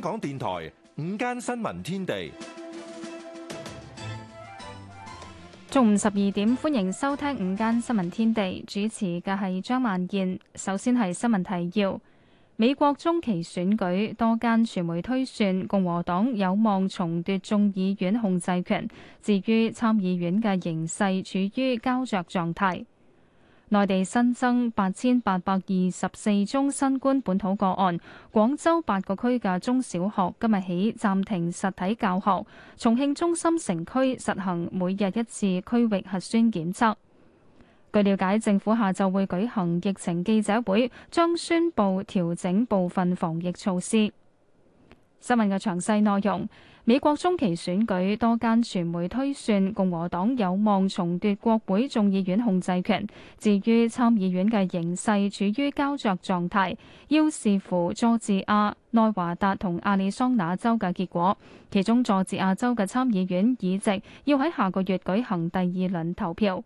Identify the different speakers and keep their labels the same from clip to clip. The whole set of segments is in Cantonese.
Speaker 1: 香港電台午間新聞天地，
Speaker 2: 中午十二點歡迎收聽午間新聞天地，主持嘅係張萬燕。首先係新聞提要：美國中期選舉，多間傳媒推算共和黨有望重奪眾議院控制權，至於參議院嘅形勢處於膠着狀態。內地新增八千八百二十四宗新冠本土個案，廣州八個區嘅中小學今日起暫停實體教學，重慶中心城區實行每日一次區域核酸檢測。據了解，政府下晝會舉行疫情記者會，將宣布調整部分防疫措施。新聞嘅詳細內容。美國中期選舉多間傳媒推算共和黨有望重奪國會眾議院控制權，至於參議院嘅形勢處於膠着狀態，要視乎佐治亞、內華達同亞利桑那州嘅結果，其中佐治亞州嘅參議院議席要喺下個月舉行第二輪投票。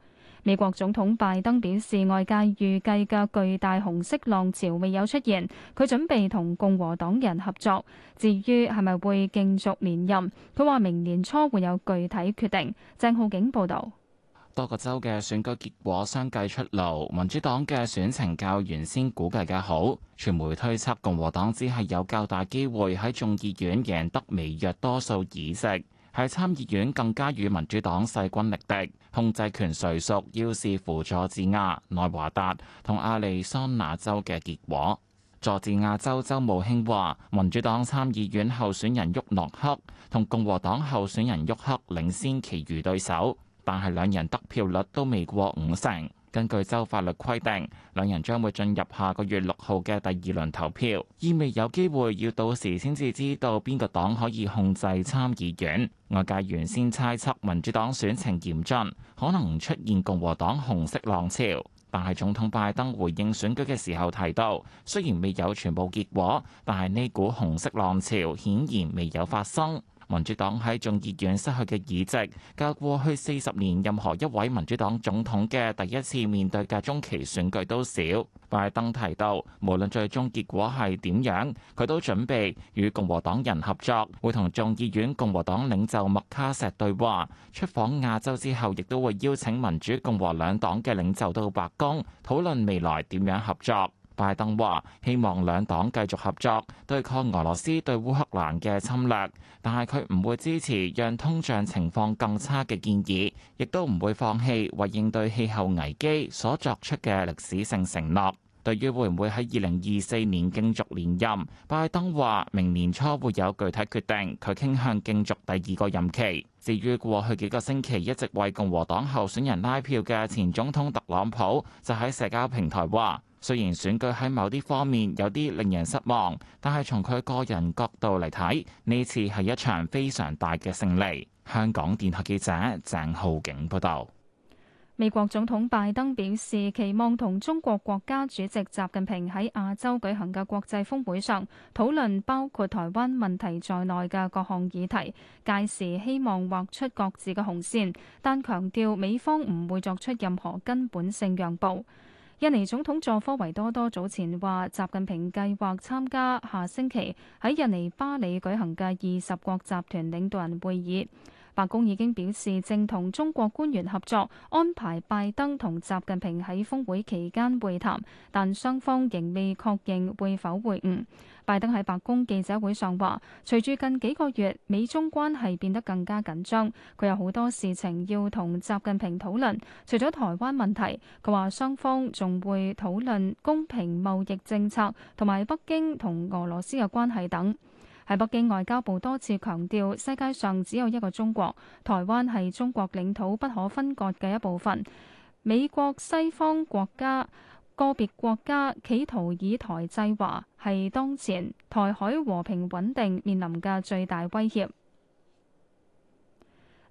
Speaker 2: 美國總統拜登表示，外界預計嘅巨大紅色浪潮未有出現，佢準備同共和黨人合作。至於係咪會競逐連任，佢話明年初會有具體決定。鄭浩景報道，
Speaker 3: 多個州嘅選舉結果相繼出爐，民主黨嘅選情較原先估計嘅好，傳媒推測共和黨只係有較大機會喺眾議院贏得微弱多數議席。喺參議院更加與民主黨勢均力敵，控制權誰屬，要視乎佐治亞、內華達同亞利桑那州嘅結果。佐治亞州州務卿話，民主黨參議院候選人沃諾克同共和黨候選人沃克領先其餘對手，但係兩人得票率都未過五成。根據州法律規定，兩人將會進入下個月六號嘅第二輪投票，意味有機會要到時先至知道邊個黨可以控制參議院。外界原先猜測民主黨選情嚴峻，可能出現共和黨紅色浪潮，但係總統拜登回應選舉嘅時候提到，雖然未有全部結果，但係呢股紅色浪潮顯然未有發生。民主黨喺眾議院失去嘅議席，較過去四十年任何一位民主黨總統嘅第一次面對嘅中期選舉都少。拜登提到，無論最終結果係點樣，佢都準備與共和黨人合作，會同眾議院共和黨領袖麥卡錫對話。出訪亞洲之後，亦都會邀請民主共和兩黨嘅領袖到白宮，討論未來點樣合作。拜登話：希望兩黨繼續合作對抗俄羅斯對烏克蘭嘅侵略，但係佢唔會支持讓通脹情況更差嘅建議，亦都唔會放棄為應對氣候危機所作出嘅歷史性承諾。對於會唔會喺二零二四年競逐連任，拜登話明年初會有具體決定，佢傾向競逐第二個任期。至於過去幾個星期一直為共和黨候選人拉票嘅前總統特朗普，就喺社交平台話：雖然選舉喺某啲方面有啲令人失望，但係從佢個人角度嚟睇，呢次係一場非常大嘅勝利。香港電台記者鄭浩景報道。
Speaker 2: 美國總統拜登表示，期望同中國國家主席習近平喺亞洲舉行嘅國際峰會上討論包括台灣問題在內嘅各項議題，屆時希望劃出各自嘅紅線，但強調美方唔會作出任何根本性讓步。印尼總統佐科維多多早前話，習近平計劃參加下星期喺印尼巴里舉行嘅二十國集團領導人會議。白宮已經表示，正同中國官員合作安排拜登同習近平喺峰會期間會談，但雙方仍未確認會否會晤。拜登喺白宮記者會上話，隨住近幾個月美中關係變得更加緊張，佢有好多事情要同習近平討論。除咗台灣問題，佢話雙方仲會討論公平貿易政策同埋北京同俄羅斯嘅關係等。喺北京外交部多次強調，世界上只有一個中國，台灣係中國領土不可分割嘅一部分。美國西方國家。個別國家企圖以台制華，係當前台海和平穩定面臨嘅最大威脅。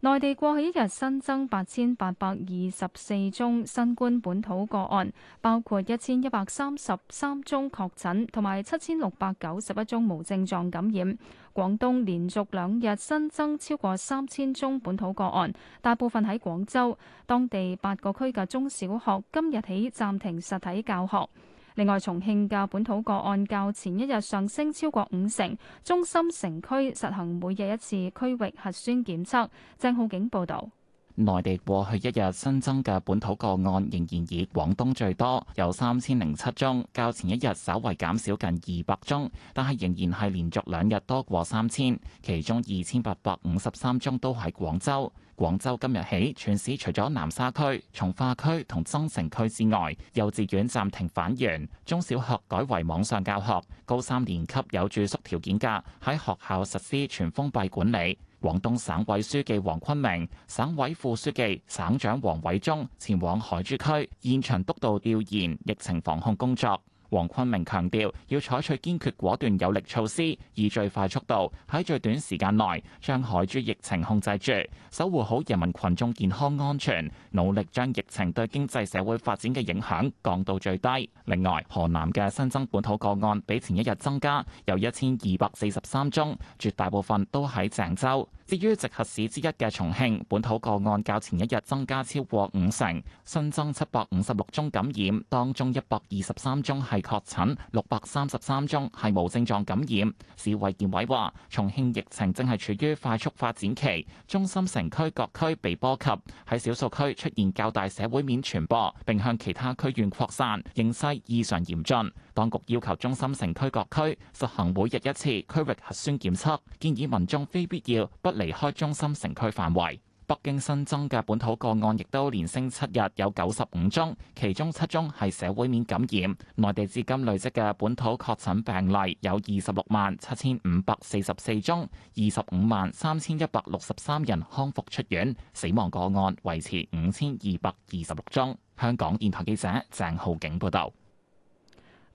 Speaker 2: 內地過去一日新增八千八百二十四宗新冠本土個案，包括一千一百三十三宗確診同埋七千六百九十一宗無症狀感染。廣東連續兩日新增超過三千宗本土個案，大部分喺廣州。當地八個區嘅中小學今日起暫停實體教學。另外，重慶嘅本土個案較前一日上升超過五成，中心城區實行每日一次區域核酸檢測。鄭浩景報導，
Speaker 3: 內地過去一日新增嘅本土個案仍然以廣東最多，有三千零七宗，較前一日稍為減少近二百宗，但係仍然係連續兩日多過三千，其中二千八百五十三宗都喺廣州。廣州今日起，全市除咗南沙區、從化區同增城區之外，幼稚園暫停返園，中小學改為網上教學，高三年級有住宿條件嘅喺學校實施全封閉管理。廣東省委書記黃坤明、省委副書記、省長王偉中前往海珠區現場督導調研疫情防控工作。黃坤明強調，要採取堅決、果斷、有力措施，以最快速度喺最短時間內將海珠疫情控制住，守護好人民群眾健康安全，努力將疫情對經濟社會發展嘅影響降到最低。另外，河南嘅新增本土個案比前一日增加，有一千二百四十三宗，絕大部分都喺鄭州。至於直轄市之一嘅重慶，本土個案較前一日增加超過五成，新增七百五十六宗感染，當中一百二十三宗係確診，六百三十三宗係無症狀感染。市衛健委話，重慶疫情正係處於快速發展期，中心城區各區被波及，喺少數區出現較大社會面傳播，並向其他區縣擴散，形勢異常嚴峻。當局要求中心城區各區實行每日一次區域核酸檢測，建議民眾非必要不離開中心城區範圍。北京新增嘅本土個案亦都連升七日，有九十五宗，其中七宗係社會面感染。內地至今累積嘅本土確診病例有二十六萬七千五百四十四宗，二十五萬三千一百六十三人康復出院，死亡個案維持五千二百二十六宗。香港電台記者鄭浩景報道。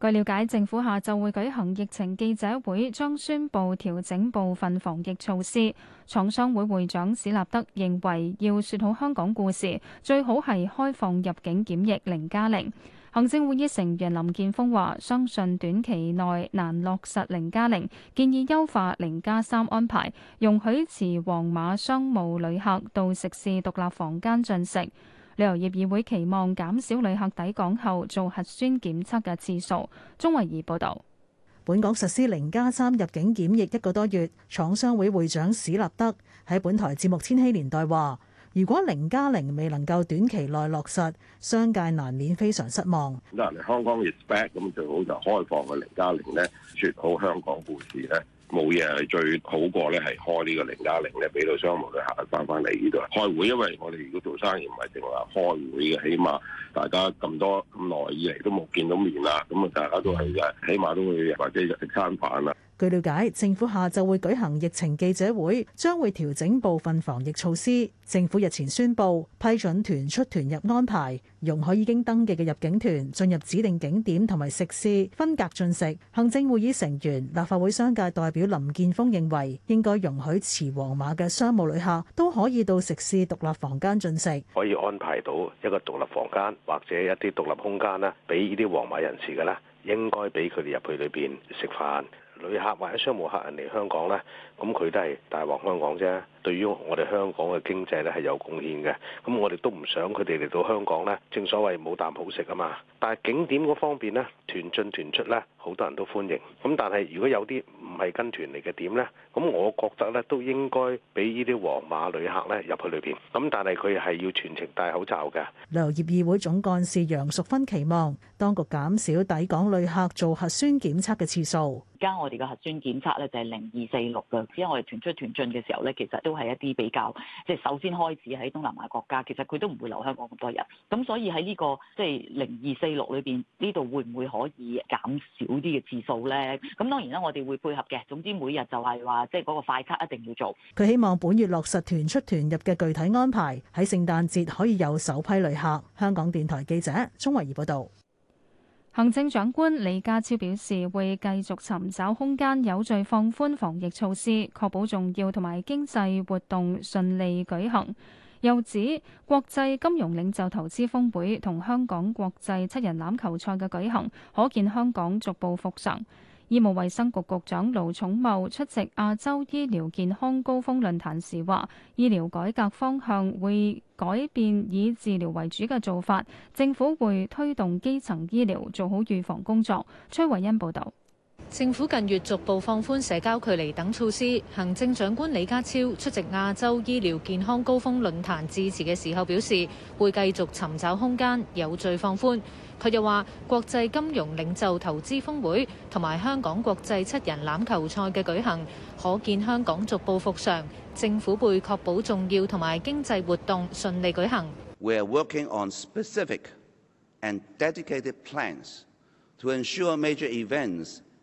Speaker 2: 據了解，政府下晝會舉行疫情記者會，將宣布調整部分防疫措施。廠商會會長史立德認為，要說好香港故事，最好係開放入境檢疫零加零。行政會議成員林建峰話，相信短期內難落實零加零，0, 建議優化零加三安排，容許持皇馬商務旅客到食肆獨立房間進食。旅遊業議會期望減少旅客抵港後做核酸檢測嘅次數。
Speaker 4: 鍾慧儀報道，本港實施零加三入境檢疫一個多月，廠商會會長史立德喺本台節目《千禧年代》話，如果零加零未能夠短期內落實，商界難免非常失望。
Speaker 5: 咁嚟香港 respect，咁最好就開放嘅零加零呢，說好香港故事咧。冇嘢係最好過咧，係開呢個零加零咧，俾到商務咧，下日翻返嚟呢度開會。因為我哋如果做生意唔係淨係話開會嘅，起碼大家咁多咁耐以嚟都冇見到面啦，咁啊大家都係的起碼都會或者日食餐飯啦。
Speaker 4: 據了解，政府下晝會舉行疫情記者會，將會調整部分防疫措施。政府日前宣布批准團出團入安排，容許已經登記嘅入境團進入指定景點同埋食肆分隔進食。行政會議成員、立法會商界代表林建峰認為，應該容許持黃碼嘅商務旅客都可以到食肆獨立房間進食，
Speaker 5: 可以安排到一個獨立房間或者一啲獨立空間啦，俾呢啲黃碼人士嘅啦，應該俾佢哋入去裏邊食飯。旅客或者商務客人嚟香港咧。咁佢都係大旺香港啫，對於我哋香港嘅經濟咧係有貢獻嘅。咁我哋都唔想佢哋嚟到香港咧，正所謂冇啖好食啊嘛。但係景點嗰方面咧，團進團出咧，好多人都歡迎。咁但係如果有啲唔係跟團嚟嘅點咧，咁我覺得咧都應該俾呢啲黃碼旅客咧入去裏邊。咁但係佢係要全程戴口罩嘅。
Speaker 4: 旅遊業議會總幹事楊淑芬期望當局減少抵港旅客做核酸檢測嘅次數，而家我哋嘅核酸檢測咧就係零二四六嘅。只因我哋團出團進嘅時候咧，其實都係一啲比較即係首先開始喺東南亞國家，其實佢都唔會留香港咁多人咁，所以喺呢個即係零二四六裏邊呢度會唔會可以減少啲嘅次數咧？咁當然啦，我哋會配合嘅。總之每日就係話即係嗰個快測一定要做。佢希望本月落實團出團入嘅具體安排，喺聖誕節可以有首批旅客。香港電台記者鍾維儀報導。行政長官李
Speaker 2: 家超表示，會繼續尋找空間，有序放寬防疫措施，確保重要同埋經濟活動順利舉行。又指國際金融領袖投資峰會同香港國際七人欖球賽嘅舉行，可見香港逐步復常。醫務衛生局局長盧寵茂出席亞洲醫療健康高峰論壇時話，醫療改革方向會改變以治療為主嘅做法，政府會推動基層醫療做好預防工作。崔惠恩報道。
Speaker 6: 政府近月逐步放寬社交距離等措施。行政長官李家超出席亞洲醫療健康高峰論壇致辭嘅時候表示，會繼續尋找空間，有序放寬。佢又話：國際金融領袖投資峰會同埋香港國際七人欖球賽嘅舉行，可見香港逐步復常，政府會確保重要同埋經濟活動順利舉行。
Speaker 3: We
Speaker 7: are working on specific and dedicated plans to ensure major events.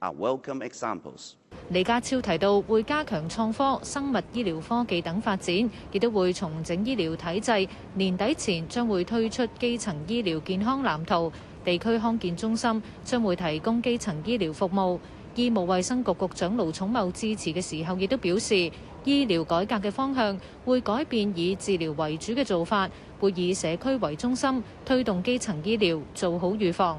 Speaker 7: welcome examples。
Speaker 6: 李家超提到會加強創科、生物醫療科技等發展，亦都會重整醫療體制。年底前將會推出基層醫療健康藍圖，地區康健中心將會提供基層醫療服務。醫務衛生局局長盧寵茂致辭嘅時候，亦都表示醫療改革嘅方向會改變以治療為主嘅做法，會以社區為中心推動基層醫療，做好預防。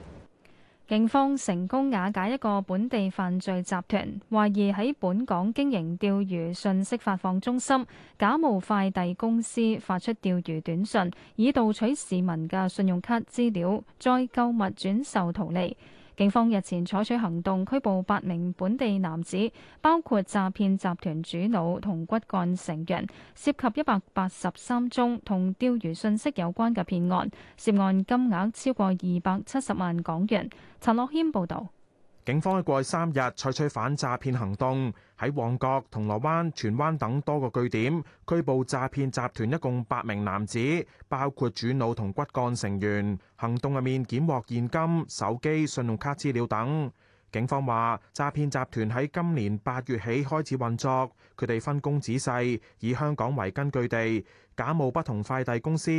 Speaker 6: 警方成功瓦解一個本地犯罪集團，懷
Speaker 2: 疑喺本港經營釣魚信息發放中心、假冒快遞公司發出釣魚短信，以盜取市民嘅信用卡資料，再購物轉售圖利。警方日前採取行動，拘捕八名本地男子，包括詐騙集團主腦同骨幹成員，涉及一百八十三宗同釣魚訊息有關嘅騙案，涉案金額超過二百七十萬港元。陳樂謙報導。
Speaker 1: 警方喺過去三日採取反詐騙行動，喺旺角、銅鑼灣、荃灣等多個據點拘捕詐騙集團一共八名男子，包括主腦同骨幹成員。行動入面檢獲現金、手機、信用卡資料等。警方話，詐騙集團喺今年八月起開始運作，佢哋分工仔細，以香港為根據地，假冒不同快遞公司，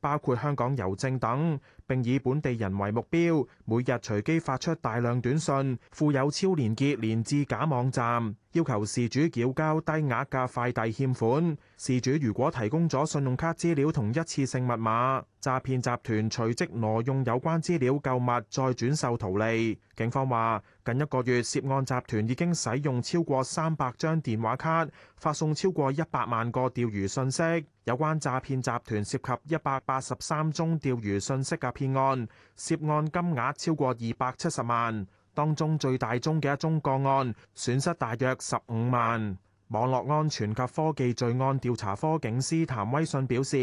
Speaker 1: 包括香港郵政等。並以本地人為目標，每日隨機發出大量短信，附有超連結連至假網站，要求事主繳交低額嘅快遞欠款。事主如果提供咗信用卡資料同一次性密碼，詐騙集團隨即挪用有關資料購物，再轉售圖利。警方話，近一個月涉案集團已經使用超過三百張電話卡，發送超過一百萬個釣魚信息。有關詐騙集團涉及一百八十三宗釣魚信息嘅。案涉案金額超過二百七十萬，當中最大宗嘅一宗個案，損失大約十五萬。網絡安全及科技罪案調查科警司譚威信表示，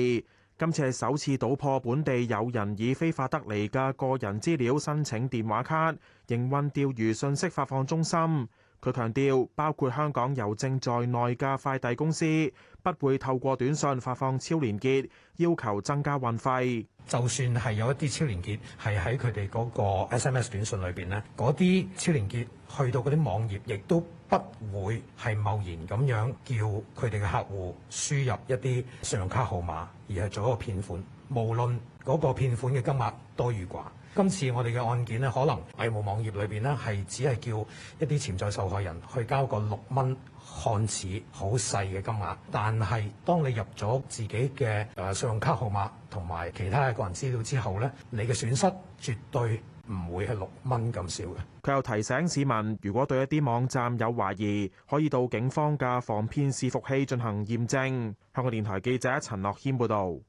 Speaker 1: 今次係首次搗破本地有人以非法得嚟嘅個人資料申請電話卡，營運釣魚信息發放中心。佢強調，包括香港郵政在內嘅快遞公司，不會透過短信發放超連結，要求增加運費。就算係有一啲超連結係喺佢哋嗰個 SMS 短信裏邊，呢嗰啲超連結去到嗰啲網頁，亦都不
Speaker 5: 會係貿然咁樣叫佢哋嘅客戶輸入一啲信用卡號碼，而係做一個騙款。無論嗰個騙款嘅金額多與寡。今次我哋嘅案件呢，可能詐騙網頁裏邊呢，係只係叫一啲潛在受害人去交個六蚊看似好細嘅金額。但係當你入咗自己嘅誒信用卡號碼同埋其他嘅個人資料之後呢，你嘅損失絕對唔會係六蚊咁少嘅。
Speaker 1: 佢又提醒市民，如果對一啲網站有懷疑，可以到警方嘅防騙伺服器進行驗證。香港電台記者陳樂謙報道。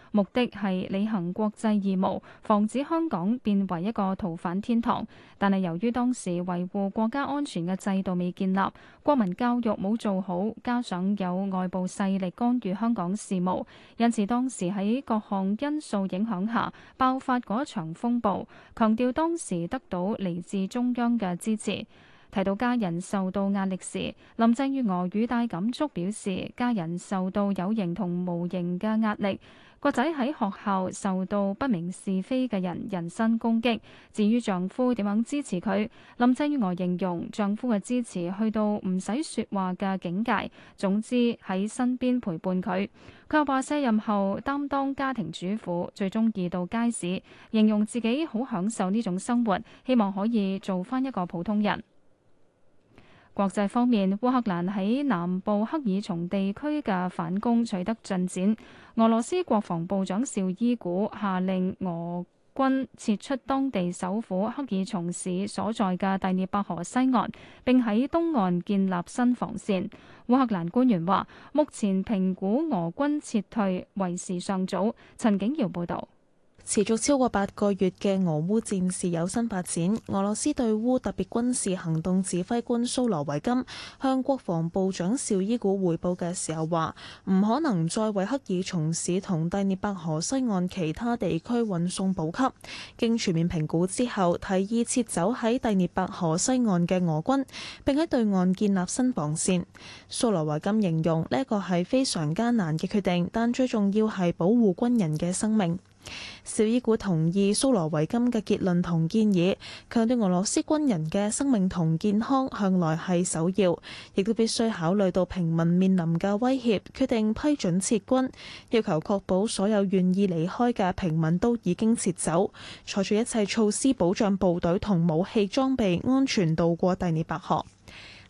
Speaker 2: 目的係履行國際義務，防止香港變為一個逃犯天堂。但係由於當時維護國家安全嘅制度未建立，國民教育冇做好，加上有外部勢力干預香港事務，因此當時喺各項因素影響下，爆發嗰場風暴，強調當時得到嚟自中央嘅支持。提到家人受到壓力時，林鄭月娥語帶感觸，表示家人受到有形同無形嘅壓力。個仔喺學校受到不明是非嘅人人身攻擊。至於丈夫點樣支持佢，林鄭月娥形容丈夫嘅支持去到唔使說話嘅境界，總之喺身邊陪伴佢。佢又話卸任後擔當家庭主婦，最中意到街市，形容自己好享受呢種生活，希望可以做翻一個普通人。國際方面，烏克蘭喺南部克爾松地區嘅反攻取得進展。俄羅斯國防部長紹伊古下令俄軍撤出當地首府克爾松市所在嘅第聶伯河西岸，並喺東岸建立新防線。烏克蘭官員話：目前評估俄軍撤退為時尚早。
Speaker 8: 陳景堯報導。持續超過八個月嘅俄烏戰事有新發展。俄羅斯對烏特別軍事行動指揮官蘇羅維金向國防部長邵伊古匯報嘅時候話：唔可能再為克爾松市同第涅伯河西岸其他地區運送補給。經全面評估之後，提議撤走喺第涅伯河西岸嘅俄軍，並喺對岸建立新防線。蘇羅維金形容呢一個係非常艱難嘅決定，但最重要係保護軍人嘅生命。小紹伊古同意蘇羅維金嘅結論同建議，強調俄羅斯軍人嘅生命同健康向來係首要，亦都必須考慮到平民面臨嘅威脅，決定批准撤軍，要求確保所有願意離開嘅平民都已經撤走，採取一切措施保障部隊同武器裝備安全渡過第聶伯河。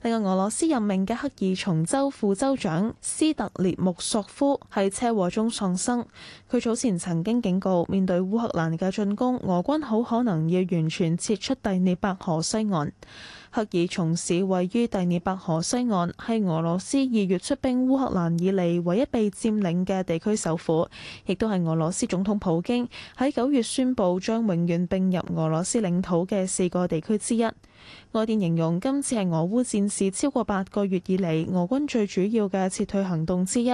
Speaker 8: 另外，俄羅斯任命嘅克爾松州副州長斯特列穆索夫喺車禍中喪生。佢早前曾經警告，面對烏克蘭嘅進攻，俄軍好可能要完全撤出第涅伯河西岸。赫爾松市位於第聶伯河西岸，係俄羅斯二月出兵烏克蘭以嚟唯一被佔領嘅地區首府，亦都係俄羅斯總統普京喺九月宣布將永遠並入俄羅斯領土嘅四個地區之一。外電形容今次係俄烏戰事超過八個月以嚟俄軍最主要嘅撤退行動之一，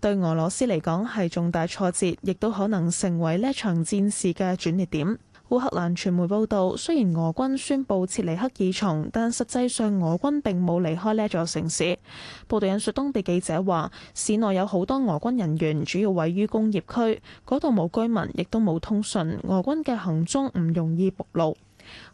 Speaker 8: 對俄羅斯嚟講係重大挫折，亦都可能成為呢場戰事嘅轉捩點。烏克蘭傳媒報道，雖然俄軍宣布撤離克爾松，但實際上俄軍並冇離開呢座城市。報道引述當地記者話，市內有好多俄軍人員，主要位於工業區，嗰度冇居民，亦都冇通訊，俄軍嘅行蹤唔容易暴露。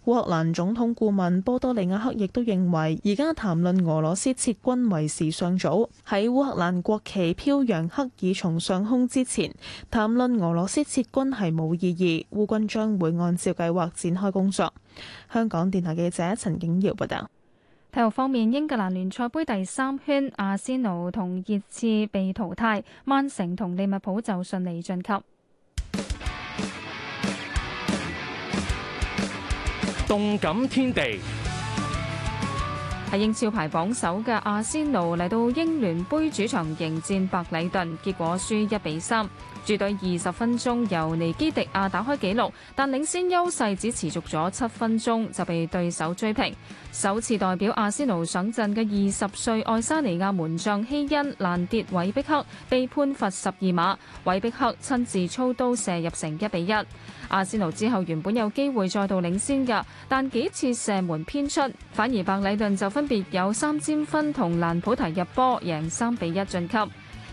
Speaker 8: 烏克蘭總統顧問波多利亞克亦都認為，而家談論俄羅斯撤軍為時尚早。喺烏克蘭國旗飄揚克爾松上空之前，談論俄羅斯撤軍係冇意義。烏軍將會按照計劃展開工作。香港電台記者陳景瑤報道。
Speaker 2: 體育方面，英格蘭聯賽盃第三圈，阿仙奴同熱刺被淘汰，曼城同利物浦就順利晉級。
Speaker 6: 動感
Speaker 1: 天地，
Speaker 2: 係英超排行榜首嘅阿仙奴嚟到英聯杯主場迎戰白禮頓，結果輸一比三。主隊二十分鐘由尼基迪亞打開紀錄，但領先優勢只持續咗七分鐘就被對手追平。首次代表阿仙奴上陣嘅二十歲愛沙尼亞門將希恩攔跌韋碧克被，被判罰十二碼，韋碧克親自操刀射入成一比一。阿仙奴之後原本有機會再度領先嘅，但幾次射門偏出，反而白禮頓就分別有三尖分同蘭普提入波，贏三比一晉級。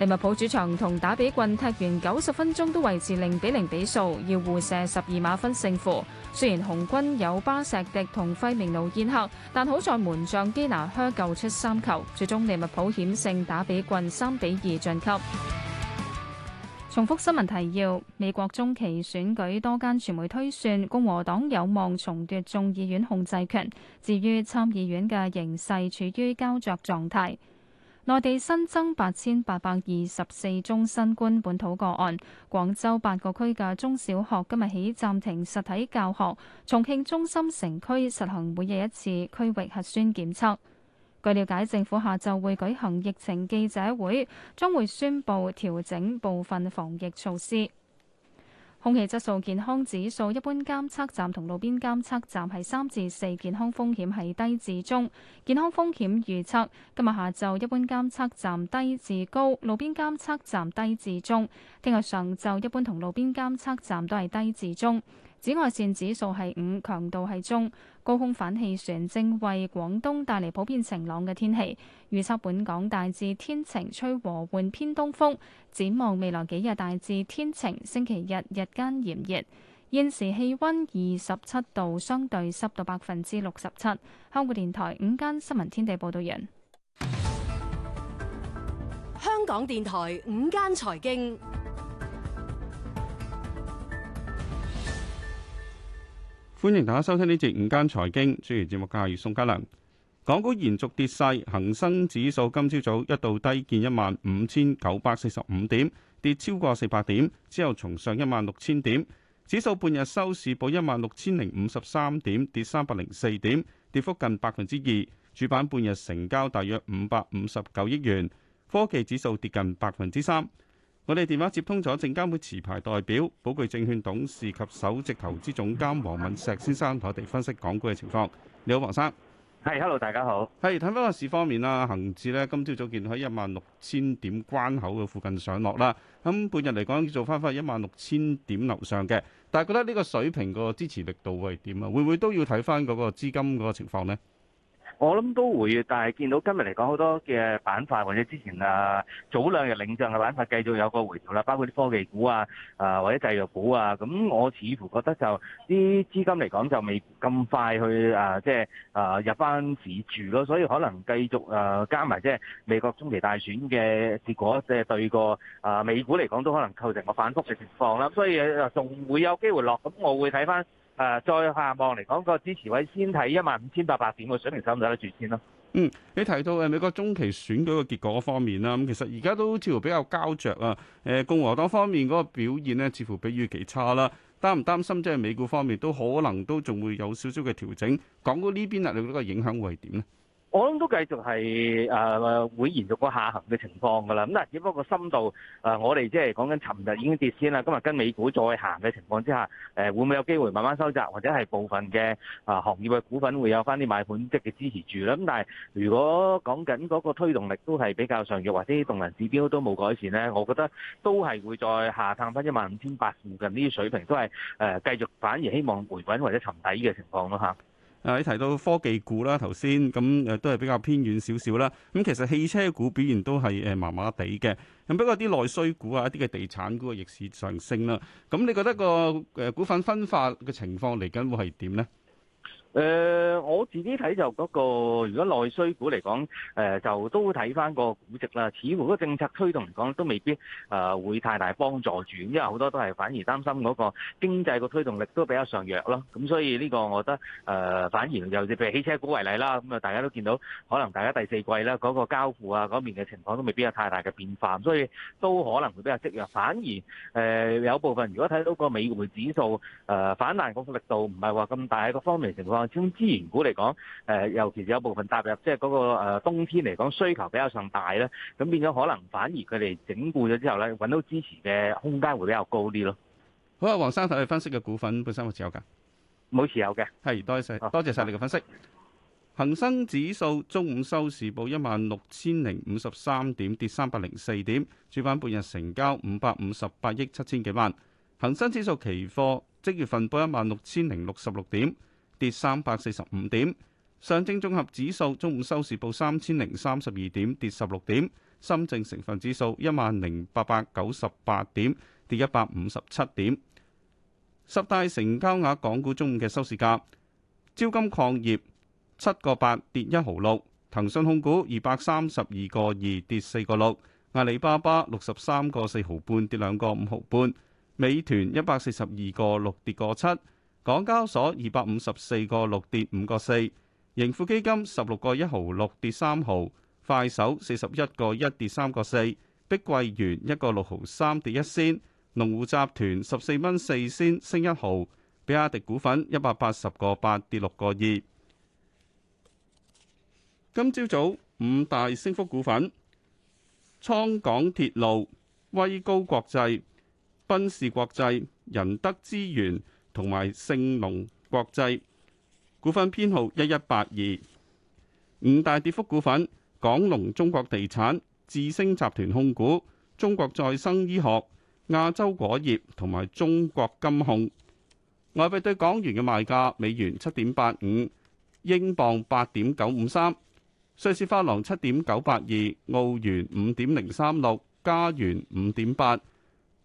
Speaker 2: 利物浦主場同打比郡踢完九十分鐘都維持零比零比數，要互射十二碼分勝負。雖然紅軍有巴石迪同輝明路宴客，但好在門將基拿靴救出三球，最終利物浦險勝打比郡三比二晉級。重複新聞提要：美國中期選舉多間傳媒推算共和黨有望重奪眾議院控制權，至於參議院嘅形勢處於膠着狀態。內地新增八千八百二十四宗新冠本土個案，廣州八個區嘅中小學今日起暫停實體教學，重慶中心城區實行每日一次區域核酸檢測。據了解，政府下晝會舉行疫情記者會，將會宣布調整部分防疫措施。空氣質素健康指數，一般監測站同路邊監測站係三至四，健康風險係低至中。健康風險預測，今日下晝一般監測站低至高，路邊監測站低至中。聽日上晝一般同路邊監測站都係低至中。紫外線指數係五，強度係中。高空反氣旋正為廣東帶嚟普遍晴朗嘅天氣。預測本港大致天晴，吹和緩偏東風。展望未來幾日大致天晴，星期日日間炎熱。現時氣溫二十七度，相對濕度百分之六十七。香港電台午間新聞天地報道完。
Speaker 6: 香港電台午間財經。
Speaker 7: 歡迎大家收聽呢節午間財經，主持節目嘅係宋嘉良。港股延續跌勢，恒生指數今朝早早一度低見一萬五千九百四十五點，跌超過四百點，之後重上一萬六千點。指數半日收市報一萬六千零五十三點，跌三百零四點，跌幅近百分之二。主板半日成交大約五百五十九億元，科技指數跌近百分之三。我哋電話接通咗證監會持牌代表寶巨證券董事及首席投資總監黃敏石先生，同我哋分析港股嘅情況。你好，黃生，係、hey,，hello，大家好。係睇翻個市方面啦，恒指呢今朝早見到喺一萬六千點關口嘅附近上落啦。咁半日嚟講，要做翻翻一萬六千點樓上嘅，但係覺得呢個水平個支持力度會係點啊？會唔會都要睇翻嗰個資金嗰個情況呢？
Speaker 5: 我諗都回，但係見到今日嚟講好多嘅板塊或者之前啊早兩日領漲嘅板塊繼續有個回調啦，包括啲科技股啊，啊或者製藥股啊，咁我似乎覺得就啲資金嚟講就未咁快去啊，即係啊入翻市住咯，所以可能繼續啊加埋即係美國中期大選嘅結果，即係對個啊美股嚟講都可能構成個反復嘅情況啦，所以啊仲會有機會落，咁我會睇翻。誒，再下望嚟講個支持位，先睇一萬五千八百點個水平守唔守得住先
Speaker 7: 咯。嗯，你提到誒美國中期選舉嘅結果方面啦，咁其實而家都似乎比較膠着啊。誒共和黨方面嗰個表現呢，似乎比預期差啦。擔唔擔心即係美股方面都可能都仲會有少少嘅調整？港股呢邊壓力嗰個影響會係點呢？
Speaker 5: 我諗都繼續係誒、呃、會延續個下行嘅情況㗎啦。咁但係只不過深度誒、呃，我哋即係講緊尋日已經跌先啦。今日跟美股再行嘅情況之下，誒、呃、會唔會有機會慢慢收窄，或者係部分嘅啊、呃、行業嘅股份會有翻啲買盤即嘅支持住咧？咁但係如果講緊嗰個推動力都係比較上弱，或者動能指標都冇改善咧，我覺得都係會再下探翻一萬五千八附近呢啲水平都，都係誒繼續反而希望回穩或者沉底嘅情況咯嚇。啊！你提到
Speaker 7: 科技股啦，頭先咁誒都係比較偏遠少少啦。咁其實汽車股表現都係誒麻麻地嘅。咁不過啲內需股啊，一啲嘅地產股啊逆市上升啦。咁你覺得個誒股份分化嘅情況嚟緊會係點咧？
Speaker 5: 誒、呃、我自己睇就嗰、那個，如果內需股嚟講，誒、呃、就都睇翻個估值啦。似乎個政策推動嚟講都未必誒、呃、會太大幫助住，因為好多都係反而擔心嗰個經濟個推動力都比較上弱咯。咁所以呢個我覺得誒、呃、反而，尤其譬如汽車股為例啦，咁啊大家都見到可能大家第四季啦嗰個交付啊嗰面嘅情況都未必有太大嘅變化，所以都可能會比較積弱。反而誒、呃、有部分如果睇到個美匯指數誒、呃、反彈個力度唔係話咁大一個方面情況。從資源股嚟講，誒尤其是有部分踏入，即係嗰個冬天嚟講，需求比較上大咧，咁變咗可能反而佢哋整固咗之後咧，揾到支持嘅空間會比較高啲咯。
Speaker 7: 好啊，黃生，睇下分析嘅股份本身有冇持有噶？冇持有嘅，係多謝，多謝曬、哦、你嘅分析。恒生指數中午收市報一萬六千零五十三點，跌三百零四點，主板半日成交五百五十八億七千幾萬。恒生指數期貨即月份報一萬六千零六十六點，跌三百四十五點，上證綜合指數中午收市報三千零三十二點，跌十六點；深證成分指數一萬零八百九十八點，跌一百五十七點。十大成交額港股中午嘅收市價：招金礦業七個八跌一毫六，騰訊控股二百三十二個二跌四個六，阿里巴巴六十三個四毫半跌兩個五毫半，美團一百四十二個六跌個七。港交所二百五十四個六跌五個四，盈富基金十六個一毫六跌三毫，快手四十一個一跌三個四，碧桂園一個六毫三跌一仙，龍湖集團十四蚊四仙升一毫，比亞迪股份一百八十個八跌六個二。今朝早五大升幅股份：倉港鐵路、威高國際、賓士國際、仁德資源。同埋聖龍國際股份編號一一八二，五大跌幅股份：港龍中國地產、智星集團控股、中國再生醫學、亞洲果業同埋中國金控。外幣對港元嘅賣價：美元七點八五，英鎊八點九五三，瑞士法郎七點九八二，澳元五點零三六，加元五點八，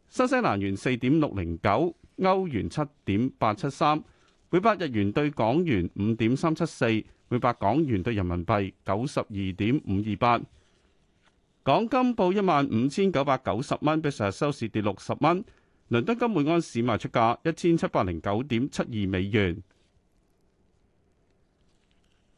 Speaker 7: 新西蘭元四點六零九。歐元七點八七三，每百日元對港元五點三七四，每百港元對人民幣九十二點五二八。港金報一萬五千九百九十蚊，比上日收市跌六十蚊。倫敦金每盎司賣出價一千七百零九點七二美元。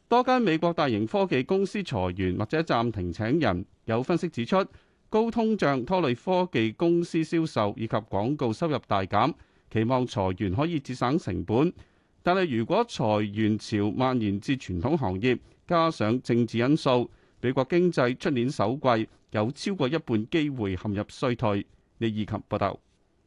Speaker 7: 多間美國大型科技公司裁員或者暫停請人，有分析指出，高通脹拖累科技公司銷售以及廣告收入大減。期望裁員可以節省成本，但係如果裁員潮蔓延至傳統行業，加上政治因素，美國經濟出年首季有超過一半機會陷入衰退。李意及報道，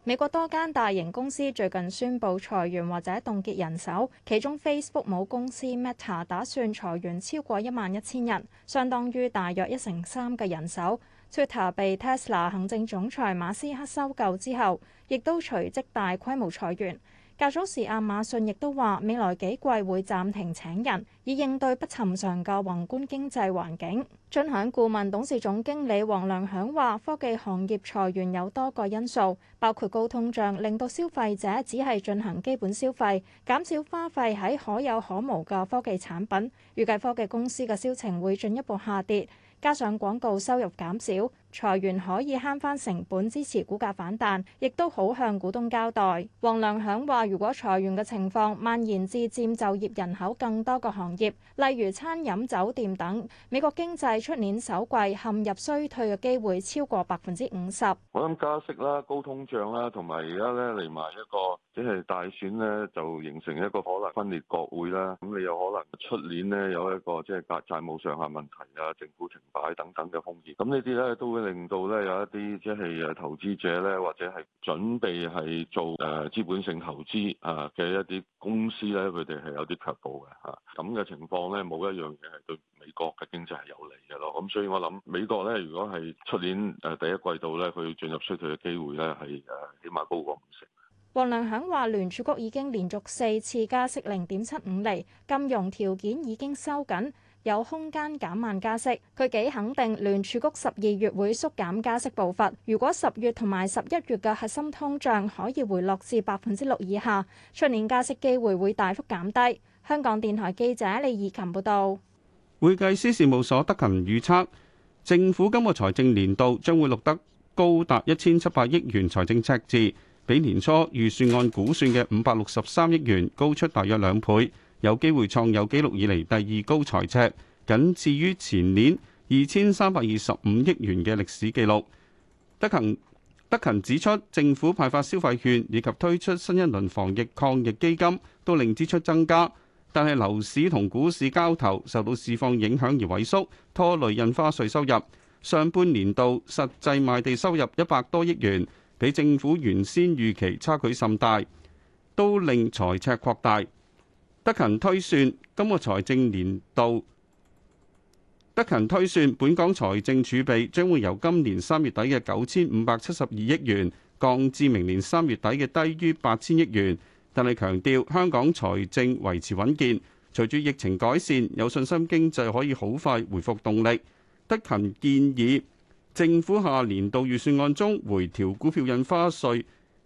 Speaker 9: 美國多間大型公司最近宣布裁員或者凍結人手，其中 Facebook 母公司 Meta 打算裁員超過一萬一千人，相當於大約一成三嘅人手。Twitter 被 Tesla 行政總裁馬斯克收購之後，亦都隨即大規模裁員。較早時，亞馬遜亦都話未來幾季會暫停請人，以應對不尋常嘅宏觀經濟環境。進享顧問董事總經理黃亮享話：科技行業裁員有多個因素，包括高通脹令到消費者只係進行基本消費，減少花費喺可有可無嘅科技產品。預計科技公司嘅銷情會進一步下跌，加上廣告收入減少。裁員可以慳翻成本支持股價反彈，亦都好向股東交代。黃良響話，如果裁員嘅情況蔓延至佔就業人口更多嘅行業，例如餐飲、酒店等，美國經濟出年首季陷入衰退嘅機會超過百分之五十。
Speaker 5: 我諗加息啦、高通脹啦，同埋而家咧嚟埋一個即係大選呢，就形成一個可能分裂國會啦。咁你有可能出年呢有一個即係債債務上限問題啊、政府停擺等等嘅風險。咁呢啲咧都會。令到咧有一啲即係誒投資者咧，或者係準備係做誒資本性投資啊嘅一啲公司咧，佢哋係有啲卻步嘅嚇。咁嘅情況咧，冇一樣嘢係對美國嘅經濟係有利嘅咯。咁所以我諗美國咧，如果係出年誒第一季度咧，佢進入衰退嘅機會咧係誒起碼高過五成。
Speaker 9: 王良響話，聯儲局已經連續四次加息零點七五厘，金融條件已經收緊。有空間減慢加息，佢幾肯定聯儲局十二月會縮減加息步伐。如果十月同埋十一月嘅核心通脹可以回落至百分之六以下，出年加息機會會大幅減低。香港電台記者李義琴報道。
Speaker 7: 會計師事務所德勤預測，政府今個財政年度將會錄得高達一千七百億元財政赤字，比年初預算案估算嘅五百六十三億元高出大約兩倍。有機會創有紀錄以嚟第二高財赤，僅次於前年二千三百二十五億元嘅歷史紀錄。德勤，德勤指出，政府派發消費券以及推出新一輪防疫抗疫基金，都令支出增加，但係樓市同股市交投受到市況影響而萎縮，拖累印花稅收入。上半年度實際賣地收入一百多億元，比政府原先預期差距甚大，都令財赤擴大。德勤推算今個財政年度，德勤推算本港財政儲備將會由今年三月底嘅九千五百七十二億元降至明年三月底嘅低於八千億元。但係強調香港財政維持穩健，隨住疫情改善，有信心經濟可以好快回復動力。德勤建議政府下年度預算案中回調股票印花稅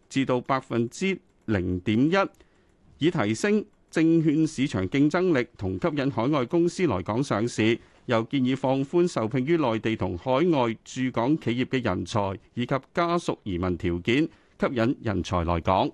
Speaker 7: 至到百分之零點一，以提升。證券市場競爭力同吸引海外公司來港上市，又建議放寬受聘於內地同海外駐港企業嘅人才，以及家屬移民條件，吸引人才來港。